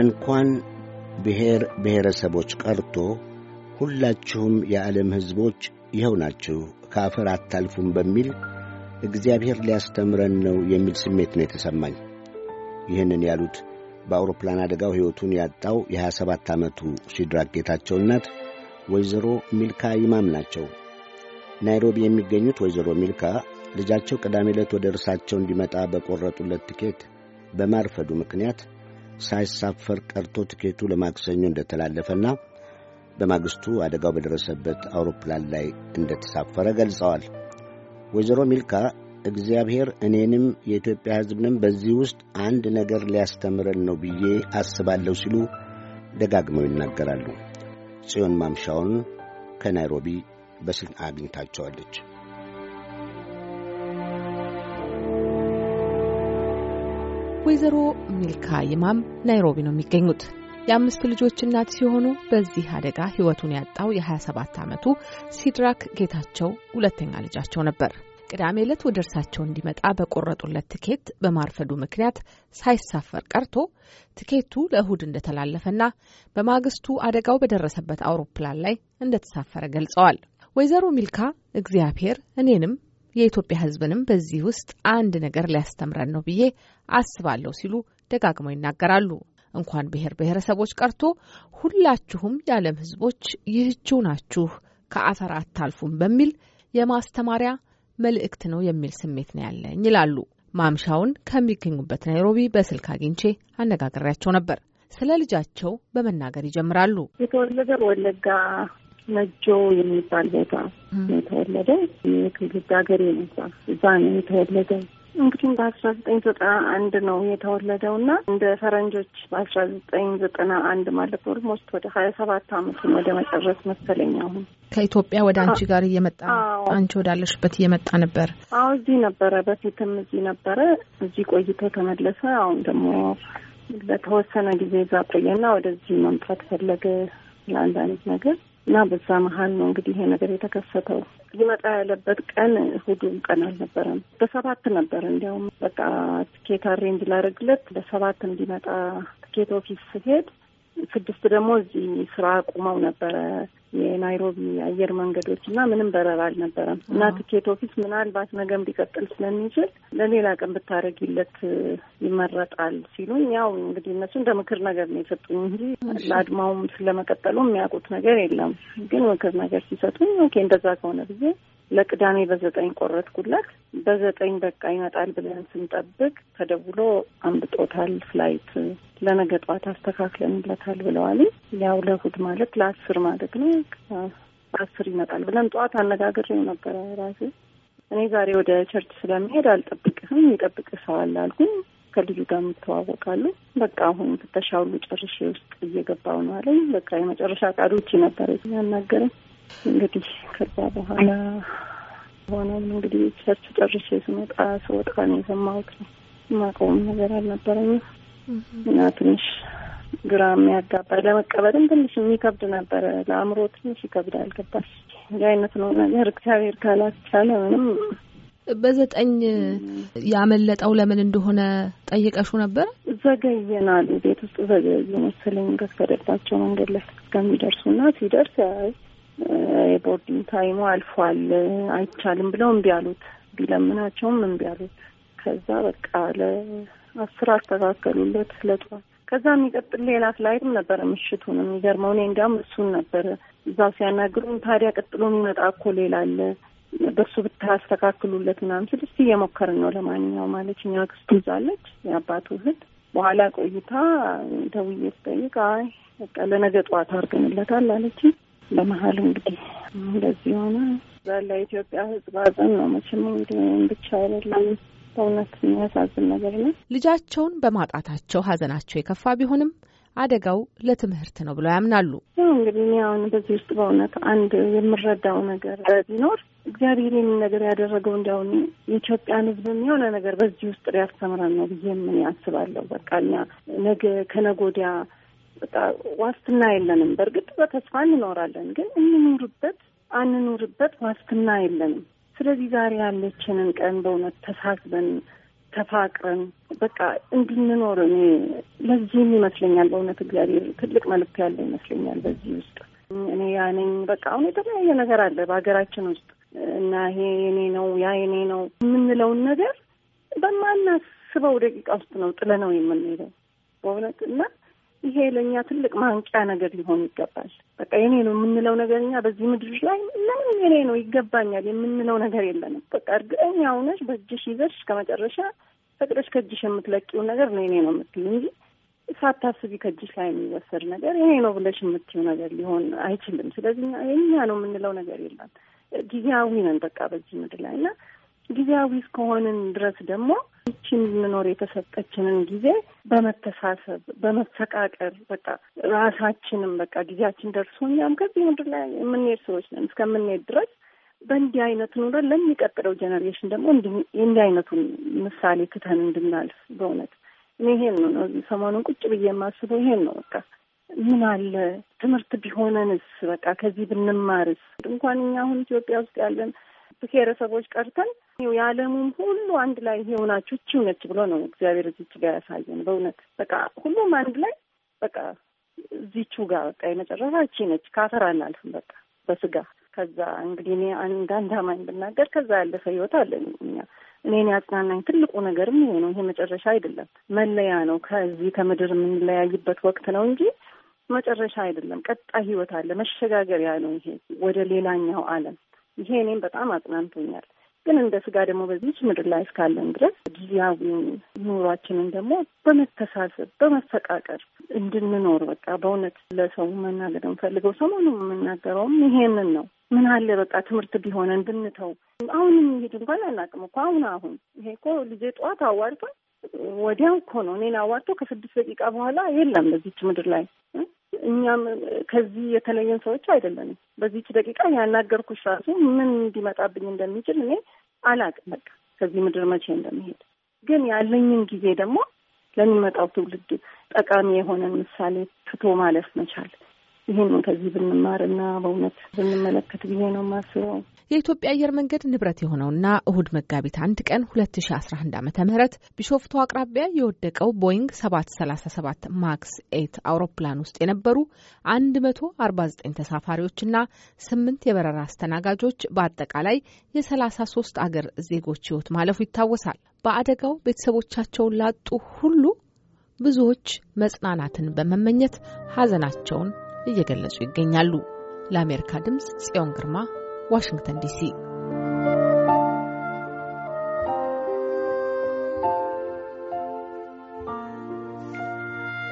እንኳን ብሔር ብሔረሰቦች ቀርቶ ሁላችሁም የዓለም ሕዝቦች ይኸው ናችሁ፣ ከአፈር አታልፉም በሚል እግዚአብሔር ሊያስተምረን ነው የሚል ስሜት ነው የተሰማኝ። ይህንን ያሉት በአውሮፕላን አደጋው ሕይወቱን ያጣው የ27 ዓመቱ ሲድራክ ጌታቸው እናት ወይዘሮ ሚልካ ይማም ናቸው። ናይሮቢ የሚገኙት ወይዘሮ ሚልካ ልጃቸው ቅዳሜ ዕለት ወደ እርሳቸው እንዲመጣ በቈረጡለት ትኬት በማርፈዱ ምክንያት ሳይሳፈር ቀርቶ ትኬቱ ለማክሰኞ እንደተላለፈና በማግስቱ አደጋው በደረሰበት አውሮፕላን ላይ እንደተሳፈረ ገልጸዋል። ወይዘሮ ሚልካ እግዚአብሔር እኔንም የኢትዮጵያ ሕዝብንም በዚህ ውስጥ አንድ ነገር ሊያስተምረን ነው ብዬ አስባለሁ ሲሉ ደጋግመው ይናገራሉ። ጽዮን ማምሻውን ከናይሮቢ በስልክ አግኝታቸዋለች። ወይዘሮ ሚልካ ይማም ናይሮቢ ነው የሚገኙት። የአምስት ልጆች እናት ሲሆኑ በዚህ አደጋ ሕይወቱን ያጣው የ27 ዓመቱ ሲድራክ ጌታቸው ሁለተኛ ልጃቸው ነበር። ቅዳሜ ዕለት ወደ እርሳቸው እንዲመጣ በቆረጡለት ትኬት በማርፈዱ ምክንያት ሳይሳፈር ቀርቶ ትኬቱ ለእሁድ እንደተላለፈና በማግስቱ አደጋው በደረሰበት አውሮፕላን ላይ እንደተሳፈረ ገልጸዋል። ወይዘሮ ሚልካ እግዚአብሔር እኔንም የኢትዮጵያ ሕዝብንም በዚህ ውስጥ አንድ ነገር ሊያስተምረን ነው ብዬ አስባለሁ ሲሉ ደጋግመው ይናገራሉ። እንኳን ብሔር ብሔረሰቦች ቀርቶ ሁላችሁም የዓለም ሕዝቦች ይህችው ናችሁ፣ ከአፈር አታልፉም በሚል የማስተማሪያ መልእክት ነው የሚል ስሜት ነው ያለኝ ይላሉ። ማምሻውን ከሚገኙበት ናይሮቢ በስልክ አግኝቼ አነጋግሬያቸው ነበር። ስለ ልጃቸው በመናገር ይጀምራሉ። የተወለደ ወለጋ ነጆ የሚባል ቦታ የተወለደ ከግድ ሀገር ነው። እዛ ነው የተወለደው። እንግዲህም በአስራ ዘጠኝ ዘጠና አንድ ነው የተወለደው እና እንደ ፈረንጆች በአስራ ዘጠኝ ዘጠና አንድ ማለት ኦልሞስት ወደ ሀያ ሰባት አመቱን ወደ መጨረስ መሰለኝ። አሁን ከኢትዮጵያ ወደ አንቺ ጋር እየመጣ አንቺ ወዳለሽበት እየመጣ ነበር። አዎ እዚህ ነበረ፣ በፊትም እዚህ ነበረ። እዚህ ቆይቶ ተመለሰ። አሁን ደግሞ ለተወሰነ ጊዜ እዛ ቆየና ወደዚህ መምጣት ፈለገ ለአንዳንድ ነገር እና በዛ መሀል ነው እንግዲህ ይሄ ነገር የተከሰተው። ሊመጣ ያለበት ቀን እሑድም ቀን አልነበረም። በሰባት ነበር እንዲያውም በቃ ትኬት አሬንጅ ላደርግለት በሰባት እንዲመጣ ትኬት ኦፊስ ስሄድ ስድስት ደግሞ እዚህ ስራ አቁመው ነበረ የናይሮቢ አየር መንገዶች እና ምንም በረራ አልነበረም እና ትኬት ኦፊስ ምናልባት ነገም ሊቀጥል ስለሚችል ለሌላ ቀን ብታደረግለት ይመረጣል ሲሉኝ፣ ያው እንግዲህ እነሱ እንደ ምክር ነገር ነው የሰጡኝ እንጂ ለአድማውም ስለመቀጠሉ የሚያውቁት ነገር የለም። ግን ምክር ነገር ሲሰጡኝ ኦኬ እንደዛ ከሆነ ጊዜ ለቅዳሜ በዘጠኝ ቆረጥኩለት። በዘጠኝ በቃ ይመጣል ብለን ስንጠብቅ ተደውሎ አምጥጦታል። ፍላይት ለነገ ጠዋት አስተካክለንለታል ብለዋል። ያው ለእሑድ ማለት ለአስር ማለት ነው። ብፈልግ አስር ይመጣል ብለን ጠዋት አነጋግሬው ነበረ ራሴ እኔ ዛሬ ወደ ቸርች ስለሚሄድ አልጠብቅህም፣ ይጠብቅ ሰው አለ አልኩኝ። ከልጁ ጋር የምተዋወቃሉ። በቃ አሁን ፍተሻ ሁሉ ጨርሼ ውስጥ እየገባው ነው አለኝ። በቃ የመጨረሻ ቃዶች ነበር ያናገረኝ። እንግዲህ ከዛ በኋላ ሆነም እንግዲህ ቸርች ጨርሼ ስመጣ ስወጣ ነው የሰማሁት ነው። የማውቀውም ነገር አልነበረኝም እና ትንሽ ግራ የሚያጋባ ለመቀበልም ትንሽ የሚከብድ ነበረ። ለአእምሮ ትንሽ ይከብዳል። ገባሽ? የአይነት ነው ነገር። እግዚአብሔር ካላስቻለ ምንም በዘጠኝ ያመለጠው ለምን እንደሆነ ጠይቀሹ ነበር። ዘገየናል ቤት ውስጥ ዘገየ መሰለኝ ከስከደባቸው መንገድ ላይ እስከሚደርሱ እና ሲደርስ የቦርዲንግ ታይሙ አልፏል፣ አይቻልም ብለው እምቢ አሉት። ቢለምናቸውም እምቢ አሉት። ከዛ በቃ ለአስር አስተካከሉለት ለጧት ከዛ የሚቀጥል ሌላ ፍላይትም ነበረ ምሽቱን። የሚገርመው እኔ እንዲያውም እሱን ነበረ እዛ ሲያናግሩም፣ ታዲያ ቀጥሎ የሚመጣ እኮ ሌላ አለ በእርሱ ብታስተካክሉለት ምናምን ስል እስቲ እየሞከርን ነው ለማንኛውም አለች። እኛ ክስቱ እዛ አለች የአባቱ እህት። በኋላ ቆይታ ደውዬ ስጠይቅ አይ በቃ ለነገ ጠዋት አድርገንለታል አለች። በመሀል እንግዲህ እንደዚህ ሆነ። ለኢትዮጵያ ሕዝብ ሐዘን ነው መቼም እንግዲህ ብቻ አይደለም በእውነት የሚያሳዝን ነገር ነው። ልጃቸውን በማጣታቸው ሀዘናቸው የከፋ ቢሆንም አደጋው ለትምህርት ነው ብለው ያምናሉ። ያው እንግዲህ እኔ አሁን በዚህ ውስጥ በእውነት አንድ የምረዳው ነገር ቢኖር እግዚአብሔር ይህንን ነገር ያደረገው እንዲያውም የኢትዮጵያን ሕዝብ የሆነ ነገር በዚህ ውስጥ ሊያስተምረን ነው ብዬ ምን ያስባለሁ። በቃ እኛ ነገ ከነጎዲያ በቃ ዋስትና የለንም። በእርግጥ በተስፋ እንኖራለን፣ ግን እንኑርበት አንኑርበት ዋስትና የለንም። ስለዚህ ዛሬ ያለችንን ቀን በእውነት ተሳስበን ተፋቅረን በቃ እንድንኖር እኔ ለዚህም ይመስለኛል በእውነት እግዚአብሔር ትልቅ መልክ ያለ ይመስለኛል በዚህ ውስጥ እኔ ያነኝ በቃ አሁን የተለያየ ነገር አለ በሀገራችን ውስጥ እና ይሄ የኔ ነው ያ የኔ ነው የምንለውን ነገር በማናስበው ደቂቃ ውስጥ ነው ጥለነው የምንሄደው በእውነት እና ይሄ ለእኛ ትልቅ ማንቂያ ነገር ሊሆን ይገባል። በቃ የኔ ነው የምንለው ነገር እኛ በዚህ ምድር ላይ ለምን የኔ ነው ይገባኛል የምንለው ነገር የለንም። በቃ እርግጠኛ ሆነሽ በእጅሽ ይዘሽ እስከ መጨረሻ ፈቅደሽ ከእጅሽ የምትለቂው ነገር ነው የኔ ነው የምትል እንጂ ሳታስቢ ከእጅሽ ላይ የሚወሰድ ነገር የኔ ነው ብለሽ የምትይው ነገር ሊሆን አይችልም። ስለዚህ የኛ ነው የምንለው ነገር የለም። ጊዜያዊ ነን በቃ በዚህ ምድር ላይ እና ጊዜያዊ እስከሆንን ድረስ ደግሞ ይችን ልንኖር የተሰጠችንን ጊዜ በመተሳሰብ በመፈቃቀር በቃ ራሳችንም በቃ ጊዜያችን ደርሶ እኛም ከዚህ ምድር ላይ የምንሄድ ሰዎች ነን። እስከምንሄድ ድረስ በእንዲህ አይነት ኑረ ለሚቀጥለው ጀኔሬሽን ደግሞ እንዲህ አይነቱን ምሳሌ ትተን እንድናልፍ በእውነት እኔ ይሄን ነው ሰሞኑን ቁጭ ብዬ የማስበው ይሄን ነው በቃ ምን አለ ትምህርት ቢሆነንስ በቃ ከዚህ ብንማርስ እንኳን እኛ አሁን ኢትዮጵያ ውስጥ ያለን ብሔረሰቦች ቀርተን የዓለሙም ሁሉ አንድ ላይ የሆናችሁ እቺው ነች ብሎ ነው እግዚአብሔር እዚች ጋር ያሳየን። በእውነት በቃ ሁሉም አንድ ላይ በቃ እዚቹ ጋር በቃ የመጨረሻ እቺ ነች። ካፈር አናልፍም በቃ በስጋ ከዛ እንግዲህ እኔ አንድ አንድ አማኝ ብናገር ከዛ ያለፈ ህይወት አለን እኛ እኔን ያጽናናኝ ትልቁ ነገርም ይሄ ነው። ይሄ መጨረሻ አይደለም፣ መለያ ነው። ከዚህ ከምድር የምንለያይበት ወቅት ነው እንጂ መጨረሻ አይደለም። ቀጣይ ህይወት አለ። መሸጋገሪያ ነው። ይሄ ወደ ሌላኛው ዓለም ይሄ እኔም በጣም አጽናንቶኛል። ግን እንደ ስጋ ደግሞ በዚች ምድር ላይ እስካለን ድረስ ጊዜያዊ ኑሯችንን ደግሞ በመተሳሰብ በመፈቃቀር እንድንኖር በቃ በእውነት ለሰው መናገር የምፈልገው ሰሞኑ የምናገረውም ይሄንን ነው። ምን አለ በቃ ትምህርት ቢሆነን ብንተው። አሁን የሚሄድ እንኳን አናውቅም እኮ አሁን አሁን ይሄ እኮ ልጄ ጠዋት አዋርቷል፣ ወዲያው እኮ ነው እኔን አዋርቶ ከስድስት ደቂቃ በኋላ የለም በዚች ምድር ላይ እኛም ከዚህ የተለየን ሰዎች አይደለንም። በዚች ደቂቃ ያናገርኩሽ ራሱ ምን እንዲመጣብኝ እንደሚችል እኔ አላቅም። በቃ ከዚህ ምድር መቼ እንደሚሄድ ግን ያለኝን ጊዜ ደግሞ ለሚመጣው ትውልድ ጠቃሚ የሆነን ምሳሌ ትቶ ማለፍ መቻል ይህንን ከዚህ ብንማርና በእውነት ብንመለከት ብዬ ነው ማስበው። የኢትዮጵያ አየር መንገድ ንብረት የሆነውና እሁድ መጋቢት አንድ ቀን 2011 ዓ ም ቢሾፍቱ አቅራቢያ የወደቀው ቦይንግ 737 ማክስ ኤት አውሮፕላን ውስጥ የነበሩ 149 ተሳፋሪዎችና 8 የበረራ አስተናጋጆች በአጠቃላይ የ33 አገር ዜጎች ህይወት ማለፉ ይታወሳል። በአደጋው ቤተሰቦቻቸውን ላጡ ሁሉ ብዙዎች መጽናናትን በመመኘት ሀዘናቸውን እየገለጹ ይገኛሉ። ለአሜሪካ ድምፅ ጽዮን ግርማ ዋሽንግተን ዲሲ